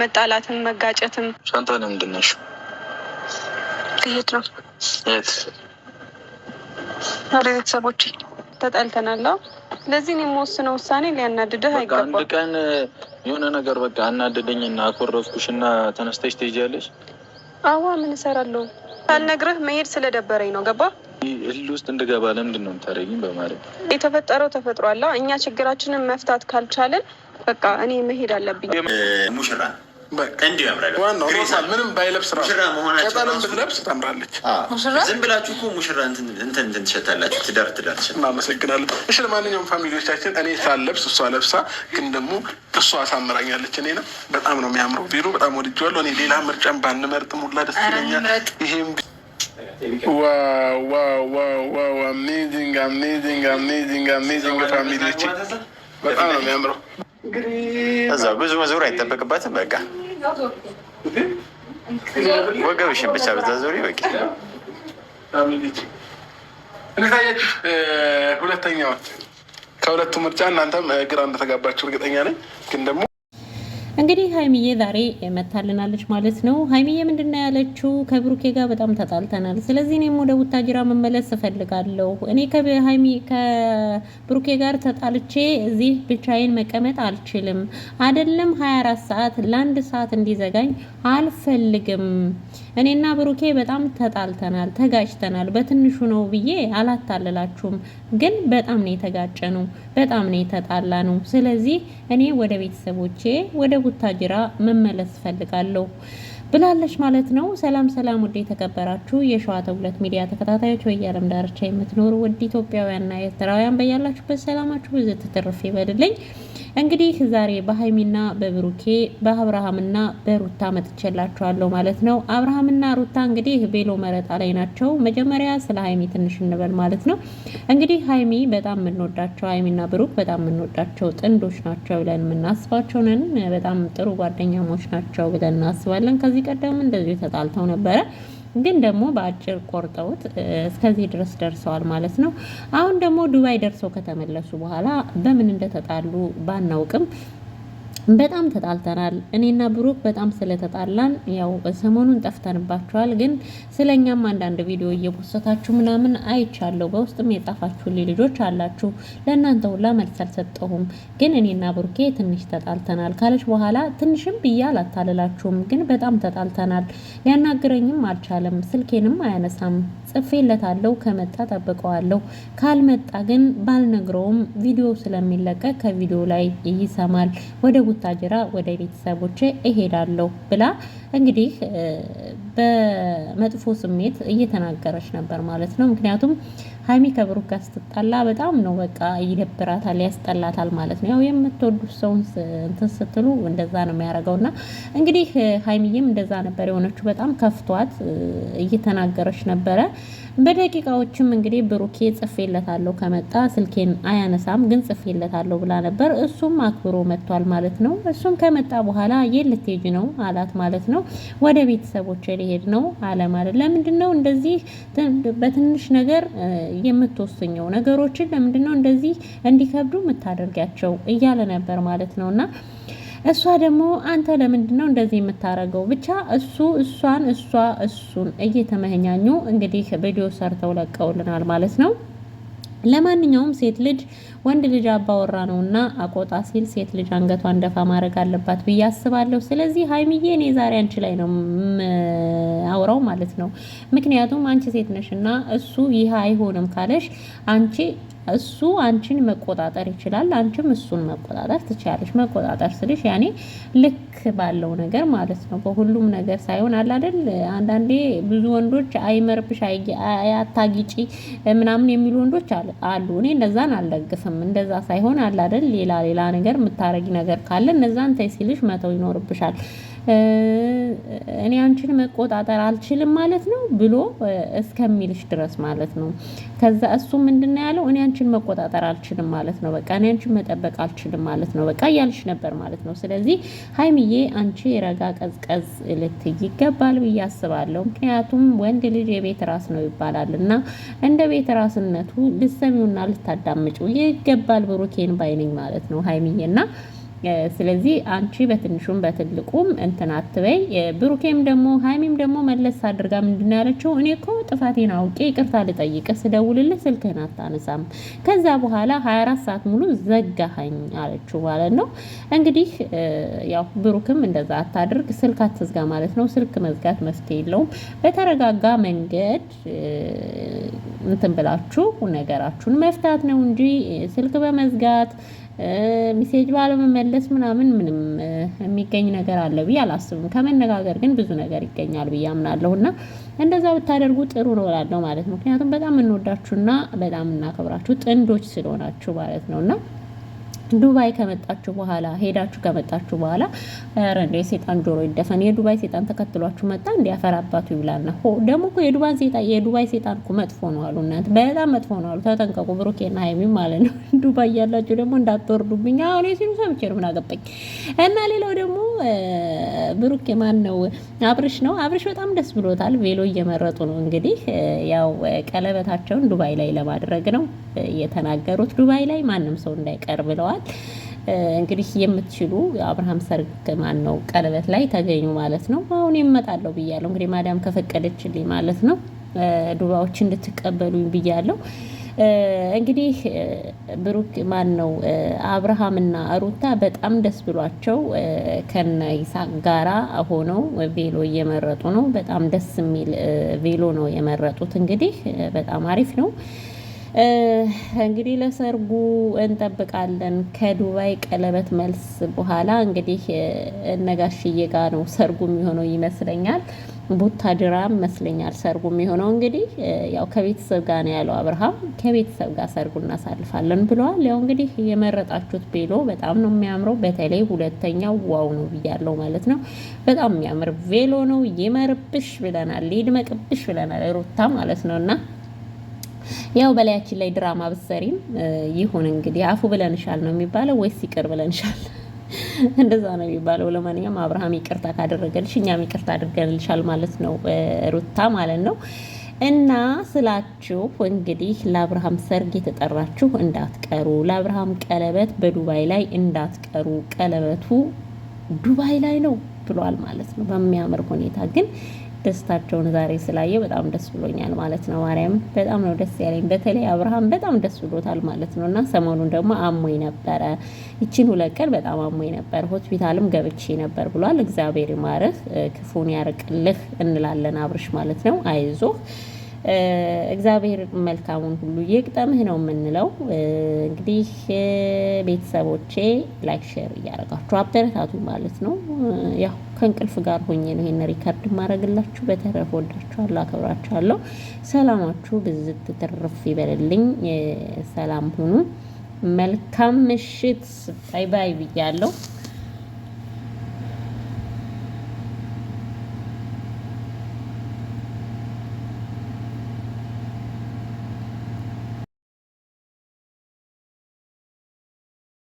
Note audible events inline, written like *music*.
መጣላትም መጋጨትም ሻንታ ነው ምንድነሽ? የት ነው የት? ወደ ቤተሰቦቼ ተጠልተናል። ለዚህ እኔ የምወስነው ውሳኔ ሊያናድድህ አይገባም። አንድ ቀን የሆነ ነገር በቃ አናደደኝ እና አኮረፍኩሽ እና ተነስተሽ ትሄጃለሽ። አዋ ምን እሰራለሁ? ሳልነግርህ መሄድ ስለደበረኝ ነው። ገባ እህል ውስጥ እንድገባ ለምንድን ነው የምታደርጊኝ? በማለት የተፈጠረው ተፈጥሯል። እኛ ችግራችንን መፍታት ካልቻለን በቃ እኔ መሄድ አለብኝ። ሙሽራ ምንም ባይለብስ ቀጠልም ብትለብስ ታምራለች። ዝም ብላችሁ እኮ ሙሽራ እንትን ትሸታላችሁ። ትዳር ትዳር እናመሰግናለሁ። እሺ ለማንኛውም ፋሚሊዎቻችን እኔ ሳለብስ እሷ ለብሳ ግን ደግሞ እሷ አሳምራኛለች። እኔ ነው በጣም ነው የሚያምረው። ቢሮ በጣም ወድጄዋለሁ። እኔ ሌላ ምርጫን ባንመርጥ ሙላ ደስ ይለኛል። ይሄም ዋው አሜዚንግ አሜዚንግ አሜዚንግ አሜዚንግ ፋሚሊዎቼ በጣም ነው የሚያምረው። እዛ ብዙ መዞር አይጠበቅባትም። በቃ ወገብሽን ብቻ በዛ ዙሪ በቂ። እንደታያችሁ ሁለተኛዎች ከሁለቱ ምርጫ እናንተም ግራ እንደተጋባችሁ እርግጠኛ ነኝ። ግን ደግሞ እንግዲህ ሀይሚዬ ዛሬ መታልናለች ማለት ነው። ሀይሚዬ ምንድን ነው ያለችው? ከብሩኬ ጋር በጣም ተጣልተናል፣ ስለዚህ እኔም ወደ ቡታጅራ መመለስ እፈልጋለሁ። እኔ ከሀይሚ ከብሩኬ ጋር ተጣልቼ እዚህ ብቻዬን መቀመጥ አልችልም። አይደለም 24 ሰዓት ለአንድ ሰዓት እንዲዘጋኝ አልፈልግም። እኔና ብሩኬ በጣም ተጣልተናል፣ ተጋጭተናል። በትንሹ ነው ብዬ አላታልላችሁም፣ ግን በጣም ነው የተጋጨ ነው፣ በጣም ነው የተጣላ ነው። ስለዚህ እኔ ወደ ቤተሰቦቼ ወደ ቡታጅራ መመለስ ፈልጋለሁ ብላለች ማለት ነው። ሰላም ሰላም፣ ውድ የተከበራችሁ የሸዋ ተጉለት ሚዲያ ተከታታዮች፣ በየዓለም ዳርቻ የምትኖሩ ውድ ኢትዮጵያውያንና ኤርትራውያን በያላችሁበት ሰላማችሁ ብዙ ትትርፍ ይበድልኝ። እንግዲህ ዛሬ በሀይሚና በብሩኬ በአብርሃምና በሩታ መጥቼላችኋለሁ ማለት ነው። አብርሃምና ሩታ እንግዲህ ቤሎ መረጣ ላይ ናቸው። መጀመሪያ ስለ ሀይሚ ትንሽ እንበል ማለት ነው። እንግዲህ ሀይሚ በጣም የምንወዳቸው ሀይሚና ብሩክ በጣም የምንወዳቸው ጥንዶች ናቸው ብለን የምናስባቸው ነን። በጣም ጥሩ ጓደኛሞች ናቸው ብለን እናስባለን። ከዚህ ቀደም እንደዚሁ ተጣልተው ነበረ ግን ደግሞ በአጭር ቆርጠውት እስከዚህ ድረስ ደርሰዋል ማለት ነው። አሁን ደግሞ ዱባይ ደርሰው ከተመለሱ በኋላ በምን እንደተጣሉ ባናውቅም በጣም ተጣልተናል። እኔና ብሩክ በጣም ስለተጣላን ያው ሰሞኑን ጠፍተንባቸዋል ግን ስለኛም አንዳንድ ቪዲዮ እየቦሰታችሁ ምናምን አይቻለሁ። በውስጥም የጻፋችሁልኝ ልጆች አላችሁ። ለእናንተ ሁላ መልስ አልሰጠሁም፣ ግን እኔና ብሩኬ ትንሽ ተጣልተናል ካለች በኋላ ትንሽም ብዬ አላታልላችሁም፣ ግን በጣም ተጣልተናል። ሊያናግረኝም አልቻለም፣ ስልኬንም አያነሳም። ጽፌለታለሁ፣ ከመጣ ጠብቀዋለሁ፣ ካልመጣ ግን ባልነግረውም ቪዲዮ ስለሚለቀቅ ከቪዲዮ ላይ ይሰማል ወደ ቡታጅራ ወደ ቤተሰቦቼ እሄዳለሁ ብላ እንግዲህ በመጥፎ ስሜት እየተናገረች ነበር ማለት ነው። ምክንያቱም ሀይሚ ከብሩክ ጋር ስትጣላ በጣም ነው በቃ ይደብራታል፣ ያስጠላታል ማለት ነው። ያው የምትወዱት ሰውን እንትን ስትሉ እንደዛ ነው የሚያደርገው። እና እንግዲህ ሀይሚዬም እንደዛ ነበር የሆነችው። በጣም ከፍቷት እየተናገረች ነበረ። በደቂቃዎችም እንግዲህ ብሩኬ ጽፌለታለሁ ከመጣ ስልኬን አያነሳም ግን ጽፌለታለሁ ብላ ነበር። እሱም አክብሮ መጥቷል ማለት ነው። እሱም ከመጣ በኋላ የት ልትሄጂ ነው አላት ማለት ነው። ወደ ቤተሰቦች ሊሄድ ነው አለ ማለት ለምንድን ነው እንደዚህ በትንሽ ነገር የምትወስኘው ነገሮችን ለምንድን ነው እንደዚህ እንዲከብዱ የምታደርጋቸው እያለ ነበር ማለት ነው እና እሷ ደግሞ አንተ ለምንድን ነው እንደዚህ የምታረገው? ብቻ እሱ እሷን እሷ እሱን እየተመኛኙ እንግዲህ ቪዲዮ ሰርተው ለቀውልናል ማለት ነው። ለማንኛውም ሴት ልጅ ወንድ ልጅ አባወራ ነው እና አቆጣ ሲል ሴት ልጅ አንገቷን ደፋ ማድረግ አለባት ብዬ አስባለሁ። ስለዚህ ሀይሚዬ እኔ ዛሬ አንቺ ላይ ነው አውራው ማለት ነው። ምክንያቱም አንቺ ሴት እና እሱ ይህ አይሆንም ካለሽ አንቺ እሱ አንቺን መቆጣጠር ይችላል፣ አንቺም እሱን መቆጣጠር ትችላለች። መቆጣጠር ስልሽ ያኔ ልክ ባለው ነገር ማለት ነው። በሁሉም ነገር ሳይሆን አለ አይደል? አንዳንዴ ብዙ ወንዶች አይመርብሽ፣ አታጊጪ ምናምን የሚሉ ወንዶች አሉ። እኔ እንደዛን አልደግፍም። እንደዛ ሳይሆን አለ አይደል? ሌላ ሌላ ነገር የምታረጊ ነገር ካለ እነዛን ተይ ሲልሽ መተው ይኖርብሻል። እኔ አንቺን መቆጣጠር አልችልም ማለት ነው ብሎ እስከሚልሽ ድረስ ማለት ነው። ከዛ እሱ ምንድነው ያለው? እኔ አንቺን መቆጣጠር አልችልም ማለት ነው፣ በቃ እኔ አንቺን መጠበቅ አልችልም ማለት ነው፣ በቃ እያልሽ ነበር ማለት ነው። ስለዚህ ሀይሚዬ አንቺ ረጋ ቀዝቀዝ ልትይ ይገባል ብዬ አስባለሁ። ምክንያቱም ወንድ ልጅ የቤት ራስ ነው ይባላል እና እንደ ቤት ራስነቱ ልትሰሚውና ልታዳምጪው ይገባል ብሩኬን ባይነኝ ማለት ነው ሀይሚዬ እና ስለዚህ አንቺ በትንሹም በትልቁም እንትን አትበይ። ብሩኬም ደግሞ ሀይሚም ደግሞ መለስ አድርጋ ምንድን ያለችው? እኔ እኮ ጥፋቴን አውቄ ይቅርታ ልጠይቅ ስደውልልህ ስልክህን አታነሳም። ከዛ በኋላ 24 ሰዓት ሙሉ ዘጋኸኝ አለችው ማለት ነው። እንግዲህ ያው ብሩክም እንደዛ አታድርግ፣ ስልክ አትዝጋ ማለት ነው። ስልክ መዝጋት መፍትሄ የለውም። በተረጋጋ መንገድ እንትን ብላችሁ ነገራችሁን መፍታት ነው እንጂ ስልክ በመዝጋት ሚሴጅ ባለመመለስ ምናምን ምንም የሚገኝ ነገር አለ ብዬ አላስብም። ከመነጋገር ግን ብዙ ነገር ይገኛል ብዬ አምናለሁ እና እንደዛ ብታደርጉ ጥሩ ነው እላለሁ ማለት ነው። ምክንያቱም በጣም እንወዳችሁና በጣም እናከብራችሁ ጥንዶች ስለሆናችሁ ማለት ነው እና ዱባይ ከመጣችሁ በኋላ ሄዳችሁ ከመጣችሁ በኋላ ኧረ እንደ የሴጣን ጆሮ ይደፈን፣ የዱባይ ሴጣን ተከትሏችሁ መጣ እንዲ ያፈራባቱ ይብላና ደግሞ እኮ የዱባይ ሴጣን እኮ መጥፎ ነው አሉ። እናንተ በጣም መጥፎ ነው አሉ። ተጠንቀቁ፣ ብሩኬና ሀይሚ ማለት ነው። *laughs* ዱባይ ያላችሁ ደግሞ እንዳትወርዱብኝ። አሁን የሲሉ ሰምቼ ነው ምን አገባኝ። እና ሌላው ደግሞ ብሩኬ ማን ነው? አብርሽ ነው። አብርሽ በጣም ደስ ብሎታል። ቬሎ እየመረጡ ነው እንግዲህ ያው ቀለበታቸውን ዱባይ ላይ ለማድረግ ነው የተናገሩት። ዱባይ ላይ ማንም ሰው እንዳይቀር ብለዋል። ይላል። እንግዲህ የምትችሉ አብርሃም ሰርግ ማን ነው ቀለበት ላይ ተገኙ ማለት ነው። አሁን ይመጣለሁ ብያለሁ። እንግዲህ ማዳም ከፈቀደችልኝ ማለት ነው ዱባዎች እንድትቀበሉኝ ብያለሁ። እንግዲህ ብሩክ ማን ነው አብርሃምና ሩታ በጣም ደስ ብሏቸው ከነ ይሳቅ ጋራ ሆነው ቬሎ እየመረጡ ነው። በጣም ደስ የሚል ቬሎ ነው የመረጡት። እንግዲህ በጣም አሪፍ ነው። እንግዲህ ለሰርጉ እንጠብቃለን። ከዱባይ ቀለበት መልስ በኋላ እንግዲህ እነጋሽዬ ጋ ነው ሰርጉ የሚሆነው ይመስለኛል። ቡታጅራ መስለኛል ሰርጉ የሚሆነው እንግዲህ ያው ከቤተሰብ ጋር ነው ያለው አብርሃም። ከቤተሰብ ጋር ሰርጉ እናሳልፋለን ብለዋል። ያው እንግዲህ የመረጣችሁት ቤሎ በጣም ነው የሚያምረው። በተለይ ሁለተኛው ዋው ነው ብያለው ማለት ነው። በጣም የሚያምር ቬሎ ነው። ይመርብሽ ብለናል፣ ይድመቅብሽ ብለናል ሩታ ማለት ነው እና ያው በላያችን ላይ ድራማ ብትሰሪም ይሁን እንግዲህ አፉ ብለንሻል ነው የሚባለው ወይስ ይቅር ብለንሻል? *laughs* እንደዛ ነው የሚባለው። ለማንኛውም አብርሃም ይቅርታ ካደረገልሽ እኛም ይቅርታ አድርገንልሻል ማለት ነው ሩታ ማለት ነው። እና ስላችሁ እንግዲህ ለአብርሃም ሰርግ የተጠራችሁ እንዳትቀሩ፣ ለአብርሃም ቀለበት በዱባይ ላይ እንዳትቀሩ፣ ቀለበቱ ዱባይ ላይ ነው ብሏል ማለት ነው። በሚያምር ሁኔታ ግን ደስታቸውን ዛሬ ስላየ በጣም ደስ ብሎኛል ማለት ነው። ማርያም በጣም ነው ደስ ያለኝ። በተለይ አብርሃም በጣም ደስ ብሎታል ማለት ነው። እና ሰሞኑን ደግሞ አሞኝ ነበረ፣ ይችን ሁለት ቀን በጣም አሞኝ ነበር፣ ሆስፒታልም ገብቼ ነበር ብሏል። እግዚአብሔር ይማርህ፣ ክፉን ያርቅልህ እንላለን አብርሽ ማለት ነው። አይዞህ እግዚአብሔር መልካሙን ሁሉ ይግጠምህ ነው የምንለው። እንግዲህ ቤተሰቦቼ ላይክ ሼር እያደረጋችሁ አበረታቱ ማለት ነው። ያው ከእንቅልፍ ጋር ሆኜ ነው ይሄን ሪከርድ ማድረግላችሁ። በተረፈ ወዳችኋለሁ፣ አከብራችኋለሁ። ሰላማችሁ ብዝት ትርፍ ይበልልኝ። ሰላም ሁኑ። መልካም ምሽት። ባይ ባይ ብያለሁ።